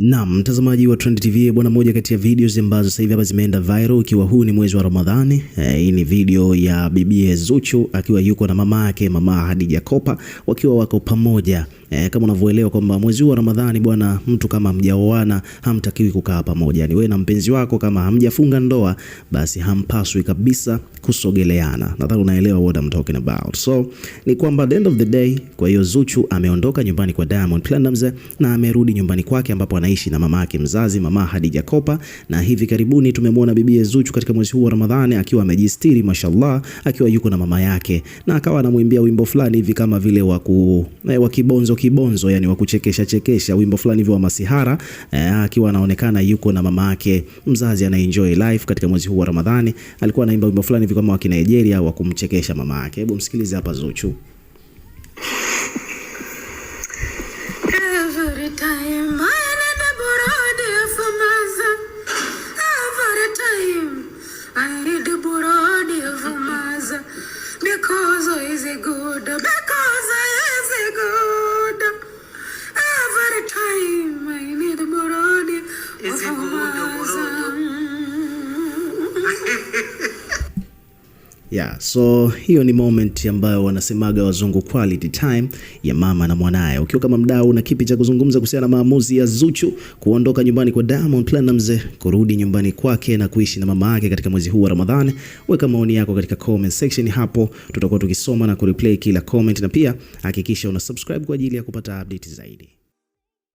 Na mtazamaji wa Trend TV bwana, moja kati ya videos ambazo sasa hivi hapa zimeenda viral ikiwa huu ni mwezi wa Ramadhani. Eh, hii e, ni video ya bibie Zuchu akiwa yuko na mama yake mama Hadija Kopa wakiwa wako pamoja eh, kama unavyoelewa kwamba mwezi huu wa Ramadhani bwana, mtu kama mjaoana hamtakiwi kukaa pamoja. Yani wewe na mpenzi wako kama hamjafunga ndoa, basi hampaswi kabisa kusogeleana. Nadhani unaelewa what I'm talking about. So ni kwamba the end of the day, kwa hiyo Zuchu ameondoka nyumbani kwa Diamond Platnumz na amerudi nyumbani kwake ambapo anaishi na mama yake mzazi, mama Hadija Kopa, na hivi karibuni tumemwona bibie Zuchu katika mwezi huu wa Ramadhani akiwa amejistiri mashallah, akiwa yuko na mama yake na akawa anamwimbia wimbo fulani hivi kama vile wa ku, eh, wa kibonzo kibonzo yani wa kuchekesha chekesha, wimbo fulani hivi wa masihara eh, akiwa anaonekana yuko na mama yake mzazi ana enjoy life katika mwezi huu wa Ramadhani. Alikuwa anaimba wimbo fulani hivi kama wa Kinigeria wa kumchekesha mama yake. Hebu msikilize hapa Zuchu. Because I is good, because I is good. Yeah, so hiyo ni moment ambayo wanasemaga wazungu quality time ya mama na mwanaye. Ukiwa kama mdau, na kipi cha kuzungumza kuhusiana na maamuzi ya Zuchu kuondoka nyumbani kwa Diamond Platinumz kurudi nyumbani kwake na kuishi na mama yake katika mwezi huu wa Ramadhani? Weka maoni yako katika comment section hapo, tutakuwa tukisoma na kureplay kila comment, na pia hakikisha una subscribe kwa ajili ya kupata update zaidi.